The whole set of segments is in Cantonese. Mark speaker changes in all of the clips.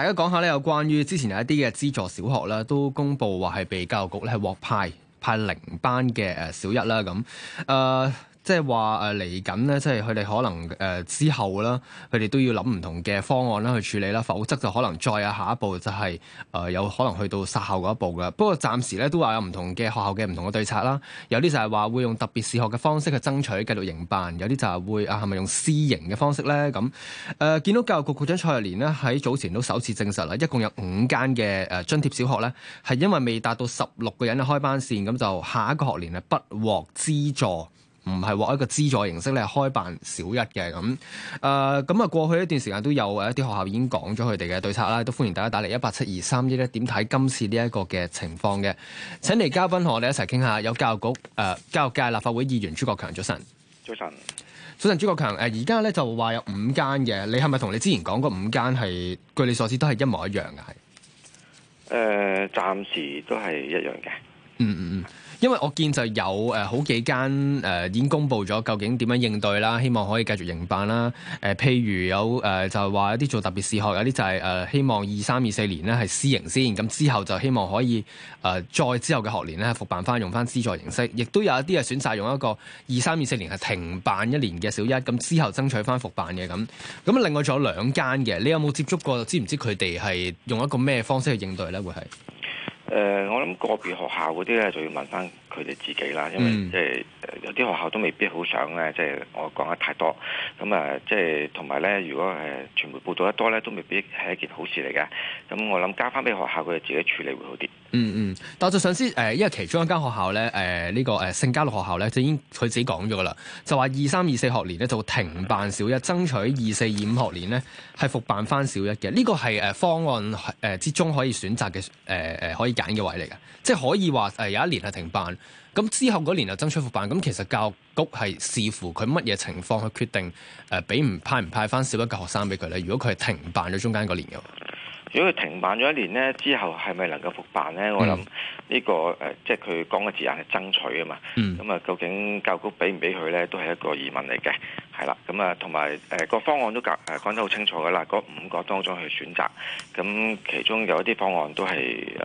Speaker 1: 大家講下咧，有關於之前有一啲嘅資助小學啦，都公布話係被教育局咧係獲派派零班嘅，誒小一啦，咁誒。呃即係話誒嚟緊咧，即係佢哋可能誒、呃、之後啦，佢哋都要諗唔同嘅方案啦，去處理啦。否則就可能再有下一步，就是，就係誒有可能去到殺校一步噶。不過暫時咧都話有唔同嘅學校嘅唔同嘅對策啦。有啲就係話會用特別視學嘅方式去爭取繼續營辦，有啲就係會啊係咪用私營嘅方式咧咁誒？見到教育局局長蔡若蓮呢，喺早前都首次證實啦，一共有五間嘅誒津貼小學咧係因為未達到十六個人嘅開班線，咁就下一個學年係不獲資助。唔係獲一個資助形式，嚟係開辦小一嘅咁。誒、呃，咁啊過去一段時間都有誒一啲學校已經講咗佢哋嘅對策啦，都歡迎大家打嚟一八七二三一咧。點睇今次呢一個嘅情況嘅？請嚟嘉賓同我哋一齊傾下。有教育局誒、呃、教育界立法會議員朱國強，早晨。早晨。早晨，朱國強誒，而家咧就話有五間嘅，你係咪同你之前講嗰五間係據你所知都係
Speaker 2: 一模一樣嘅？係誒、呃，暫時都係一樣嘅。
Speaker 1: 嗯嗯嗯，因為我見就有誒、呃、好幾間誒、呃、已經公布咗究竟點樣應對啦，希望可以繼續營辦啦。誒、呃，譬如有誒、呃、就係、是、話一啲做特別試學，有啲就係、是、誒、呃、希望二三二四年咧係私營先，咁之後就希望可以誒、呃、再之後嘅學年咧復辦翻，用翻資助形式。亦都有一啲係選擇用一個二三二四年係停辦一年嘅小一，咁之後爭取翻復辦嘅咁。咁另外仲有兩間嘅，你有冇接觸過？知唔知佢哋係用一個咩方式去應對咧？會係？
Speaker 2: 誒、呃，我諗個別學校嗰啲咧，就要問翻。佢哋自己啦，因為即係、嗯呃、有啲學校都未必好想咧，即係我講得太多。咁啊，即係同埋咧，如果誒傳媒報道得多咧，都未必係一件好事嚟嘅。咁我諗交翻俾學校佢哋自己處理會好啲。嗯
Speaker 1: 嗯，但我就想知，誒、呃，因為其中一間學校咧，誒、呃，呢、這個誒聖嘉樂學校咧，就已經佢自己講咗噶啦，就話二三二四學年咧就停辦小一，爭取二四二五學年咧係復辦翻小一嘅。呢個係誒方案誒之中可以選擇嘅誒誒可以揀嘅位嚟嘅，即係可以話誒有一年係停辦。咁之後嗰年又爭取復辦，咁其實教育局係視乎佢乜嘢情況去決定，誒俾唔派唔派翻少一個學生俾佢咧。如果佢係停辦咗中間嗰年嘅，
Speaker 2: 如果佢停辦咗一年咧，之後係咪能夠復辦咧？嗯、我諗呢、呢個誒、呃，即係佢講嘅字眼係爭取啊嘛。咁啊、嗯，究竟教育局俾唔俾佢咧，都係一個疑問嚟嘅。係啦，咁啊，同埋誒個方案都講誒講得好清楚㗎啦，嗰五個當中去選擇，咁其中有一啲方案都係誒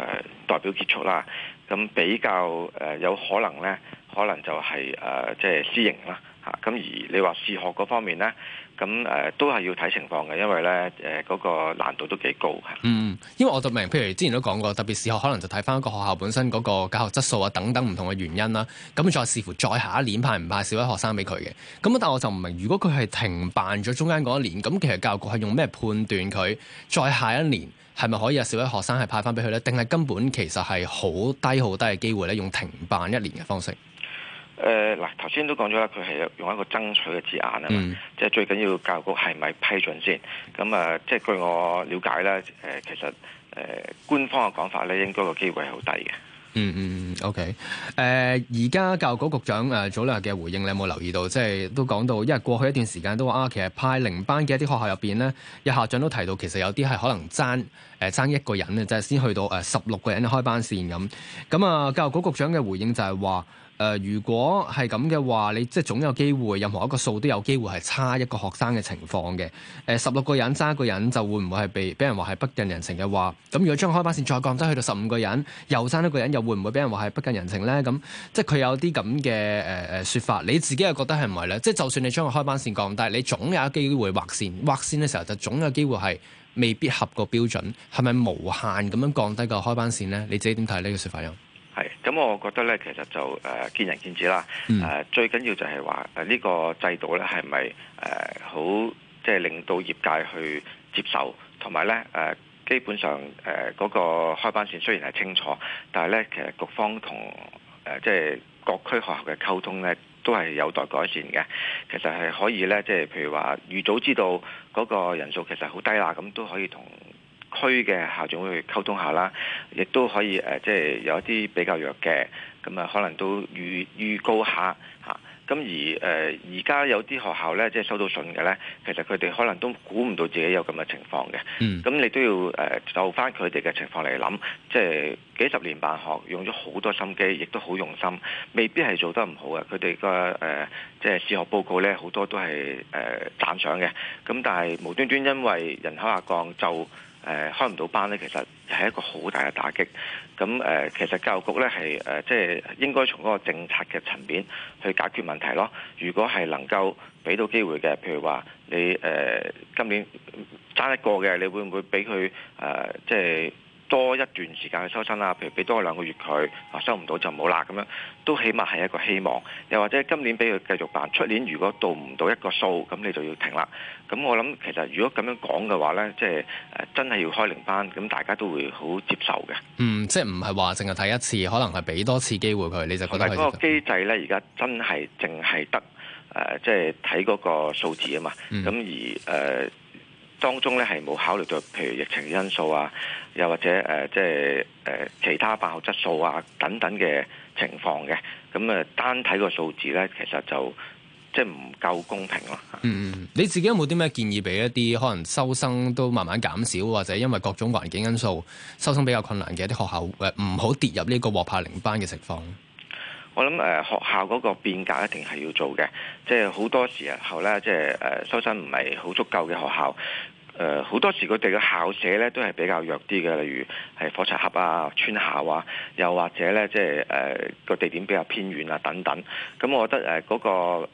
Speaker 2: 代表結束啦，咁比較誒有可能咧，可能就係誒即係私營啦。咁而你話視學嗰方面咧，咁誒都係要睇情況嘅，因為咧誒嗰個難度都幾高，
Speaker 1: 嗯，因為我就明，譬如之前都講過，特別視學可能就睇翻一個學校本身嗰個教學質素啊等等唔同嘅原因啦。咁再視乎再下一年派唔派小一學生俾佢嘅。咁但係我就唔明，如果佢係停辦咗中間嗰一年，咁其實教育局係用咩判斷佢再下一年係咪可以有小一學生係派翻俾佢咧？定係根本其實係好低好低嘅機會咧，用停辦一年嘅方式？
Speaker 2: 誒，嗱、呃，頭先都講咗啦，佢係用一個爭取嘅字眼啊，嘛、嗯，即係最緊要教育局係咪批准先？咁啊、呃，即係據我了解咧，誒、呃，其實誒、呃，官方嘅講法咧，應該個機會係好低嘅。嗯嗯嗯，OK、呃。
Speaker 1: 誒，而家教育局局長誒、呃、早兩日嘅回應，你有冇留意到？即係都講到，因為過去一段時間都話啊，其實派零班嘅一啲學校入邊咧，有校長都提到，其實有啲係可能爭誒爭一個人咧，就係先去到誒、呃、十六個人開班線咁。咁啊，教育局局長嘅回應就係話。誒、呃，如果係咁嘅話，你即係總有機會，任何一個數都有機會係差一個學生嘅情況嘅。誒、呃，十六個人差一個人就會唔會係被俾人話係不近人情嘅話？咁如果將開班線再降低去到十五個人，又差一個人，又會唔會俾人話係不近人情呢？咁即係佢有啲咁嘅誒誒説法，你自己又覺得係唔係呢？即係就算你將個開班線降低，你總有機會劃線，劃線嘅時候就總有機會係未必合個標準。係咪無限咁樣降低個開班線呢？你自己點睇呢、這個説法
Speaker 2: 咁我覺得呢，其實就誒見仁見智啦。誒、嗯、最緊要就係話誒呢個制度呢，係咪誒好即係令到業界去接受，同埋呢，誒基本上誒嗰個開班線雖然係清楚，但係呢，其實局方同誒即係各區學校嘅溝通呢，都係有待改善嘅。其實係可以呢，即係譬如話預早知道嗰個人數其實好低啊，咁都可以同區嘅校長會去溝通下啦，亦都可以誒，即係有一啲比較弱嘅，咁啊可能都預預告下嚇。咁而誒而家有啲學校咧，即係收到信嘅咧，其實佢哋可能都估唔到自己有咁嘅情況嘅。咁、mm. 你都要誒就翻佢哋嘅情況嚟諗，即係幾十年辦學用咗好多心機，亦都好用心，未必係做得唔好嘅。佢哋個誒即係視學報告咧，好多都係誒、呃、讚賞嘅。咁但係無端端因為人口下降就誒、呃、開唔到班呢，其實係一個好大嘅打擊。咁誒、呃，其實教育局呢，係誒，即、呃、係應該從嗰個政策嘅層面去解決問題咯。如果係能夠俾到機會嘅，譬如話你誒、呃、今年爭一個嘅，你會唔會俾佢誒即係多一段時間去收身啦，譬如俾多兩個月佢，啊，收唔到就唔好啦咁樣，都起碼係一個希望。又或者今年俾佢繼續辦，出年如果到唔到一個數，咁你就要停啦。咁我諗其實如果咁樣講嘅話呢，即係、呃、真係要開零班，咁大家都會好接受嘅。嗯，
Speaker 1: 即係唔係話淨係睇一次，可能係俾多次機會
Speaker 2: 佢，你就覺得係。同埋個機制呢，而家真係淨係得誒、呃，即係睇嗰個數字啊嘛。咁、嗯、而誒。呃當中咧係冇考慮到譬如疫情因素啊，又或者誒，即係誒其他辦學質素啊等等嘅情況嘅，咁誒單睇個數字咧，其實就即係唔夠公平咯。嗯
Speaker 1: 嗯，你自己有冇啲咩建議俾一啲可能收生都慢慢減少，或者因為各種環境因素收生比較困難嘅一啲學校誒，唔好跌入呢個獲派零班嘅情況？
Speaker 2: 我諗誒學校嗰個變革一定係要做嘅，即係好多時候咧，即係誒收生唔係好足夠嘅學校。誒好、呃、多時佢哋嘅校舍咧都係比較弱啲嘅，例如係火柴盒啊、村校啊，又或者咧即係誒個地點比較偏遠啊等等。咁、嗯、我覺得誒嗰個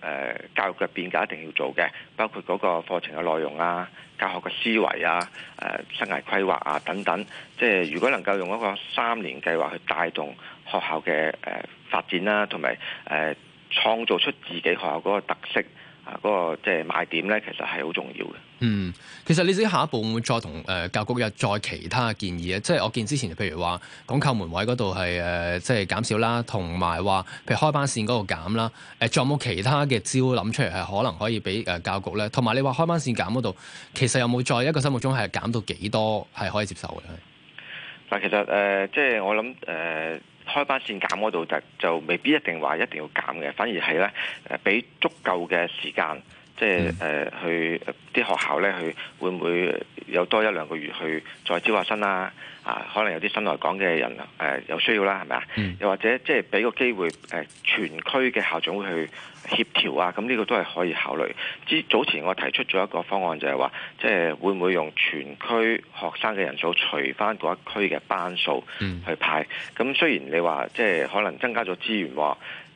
Speaker 2: 教育嘅變革一定要做嘅，包括嗰個課程嘅內容啊、教學嘅思維啊、誒、呃、生涯規劃啊等等。即係如果能夠用一個三年計劃去帶動學校嘅誒、呃、發展啦、啊，同埋誒創造出自己學校嗰個特色。嗱，嗰個即係賣點咧，其實係好重要嘅。
Speaker 1: 嗯，其實你自己下一步會唔會再同誒、呃、教局有再其他嘅建議咧？即係我見之前譬如話講叩門位嗰度係誒，即係減少啦，同埋話譬如開班線嗰度減啦。誒，仲有冇其他嘅招諗出嚟係可能可以俾誒、呃、教局咧？同埋你話開班線減嗰度，其實有冇再一個心目中係減到幾多係可以接
Speaker 2: 受嘅？嗱，其實誒、呃，即係我諗誒。呃開班線減嗰度就就未必一定話一定要減嘅，反而係咧，誒，俾足夠嘅時間。即係誒去啲學校咧，去會唔會有多一兩個月去再招下生啦？啊，可能有啲新來港嘅人誒有需要啦，係咪啊？嗯、又或者即係俾個機會誒全區嘅校長會去協調啊？咁呢個都係可以考慮。之早前我提出咗一個方案，就係話即係會唔會用全區學生嘅人數除翻嗰一區嘅班數去派？咁、嗯、雖然你話即係可能增加咗資源，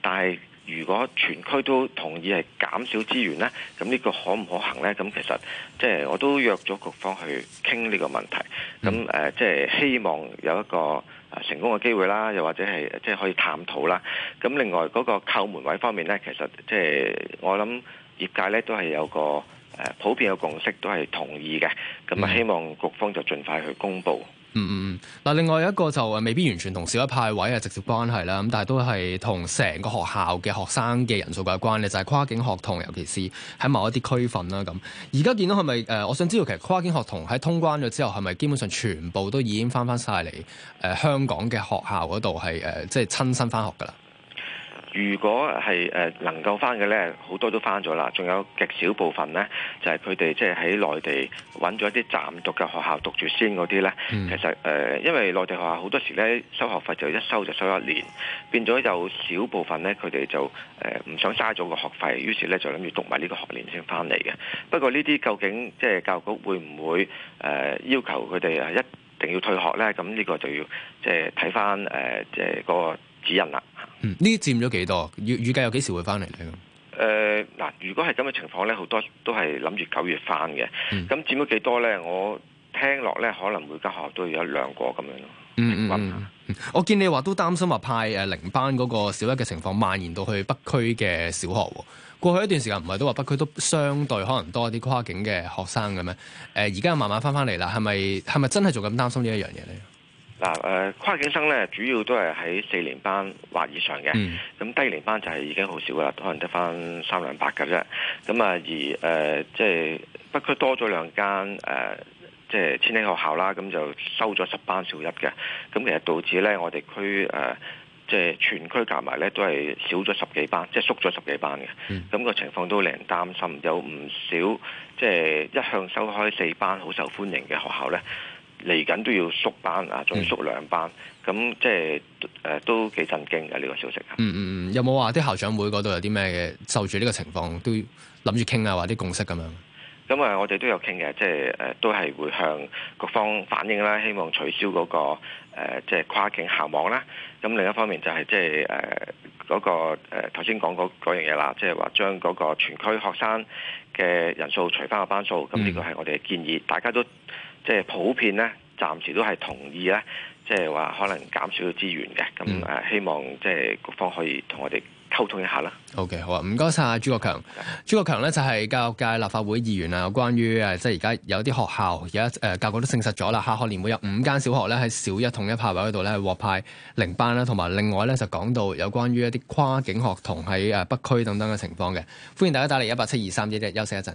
Speaker 2: 但係如果全區都同意係減少資源呢，咁呢個可唔可行呢？咁其實即係我都約咗局方去傾呢個問題，咁誒、呃、即係希望有一個成功嘅機會啦，又或者係即係可以探討啦。咁另外嗰、那個叩門位方面呢，其實即係我諗業界呢都係有個誒、呃、普遍嘅共識，都係同意嘅。咁啊，希望局方就盡快去公布。嗯嗯嗯，
Speaker 1: 嗱，另外一個就誒未必完全同小一派位係直接關係啦，咁但係都係同成個學校嘅學生嘅人數有關嘅，就係跨境學童，尤其是喺某一啲區份啦咁。而家見到係咪誒？我想知道其實跨境學童喺通關咗之後，係咪基本上全部都已經翻翻晒嚟誒香港嘅學校嗰度係誒，即係親身翻學㗎啦？
Speaker 2: 如果係誒能夠翻嘅呢，好多都翻咗啦，仲有極少部分呢，就係佢哋即係喺內地揾咗一啲暫讀嘅學校讀住先嗰啲呢。嗯、其實誒、呃，因為內地學校好多時呢收學費就一收就收一年，變咗有少部分呢，佢哋就誒唔、呃、想嘥咗個學費，於是呢就諗住讀埋呢個學年先翻嚟嘅。不過呢啲究竟即係、就是、教育局會唔會誒、呃、要求佢哋啊一定要退學呢？咁呢個就要即係睇翻誒即係個指引啦。
Speaker 1: 嗯，呢佔咗幾多？預預計有幾時會翻嚟咧？咁
Speaker 2: 嗱、呃，如果係咁嘅情況咧，好多都係諗住九月翻嘅。咁、嗯、佔咗幾多咧？我聽落咧，可能每間學校都要一兩個咁樣咯、嗯。嗯嗯，
Speaker 1: 我見你話都擔心話派誒零、呃、班嗰個小一嘅情況蔓延到去北區嘅小學喎。過去一段時間唔係都話北區都相對可能多啲跨境嘅學生嘅咩？誒而家慢慢翻翻嚟啦，係咪係咪真係做咁擔心呢一樣嘢咧？
Speaker 2: 呃、跨境生咧主要都係喺四年班或以上嘅，咁、嗯、低年班就係已經好少噶啦，可能得返三兩百噶啫。咁啊，而誒即係北區多咗兩間誒，即、呃、係、就是、千禧學校啦，咁就收咗十班小一嘅。咁其實導致咧，我哋區誒即係全區夾埋咧，都係少咗十幾班，即係縮咗十幾班嘅。咁、嗯、個情況都令人擔心，有唔少即係、就是、一向收開四班好受歡迎嘅學校咧。嚟緊都要縮班啊，仲要縮兩班，咁、嗯、即係誒、呃、都幾震驚嘅呢個消息啊！嗯
Speaker 1: 嗯嗯，有冇話啲校長會嗰度有啲咩嘅受住呢個情況都諗住傾啊，或啲共識咁樣？
Speaker 2: 咁啊、嗯，我哋都有傾嘅，即係誒都係會向各方反映啦，希望取消嗰個即係跨境校網啦。咁另一方面就係即係誒嗰個誒頭先講嗰樣嘢啦，即係話將嗰個全區學生嘅人數除翻個班數，咁呢個係我哋嘅建議，大家都。即係普遍咧，暫時都係同意咧，即係話可能減少咗資源嘅。咁誒、嗯，希望即係各方可以同我哋溝通一下啦。OK，
Speaker 1: 好啊，唔該晒，的朱國強。朱國強咧就係教育界立法會議員啦。關於誒，即係而家有啲學校而家誒教育局都證實咗啦，下學年會有五間小學咧喺小一統一派位嗰度咧獲派零班啦，同埋另外咧就講到有關於一啲跨境學童喺誒北區等等嘅情況嘅。歡迎大家打嚟一八七二三一一，2, 3, 1，休息一陣。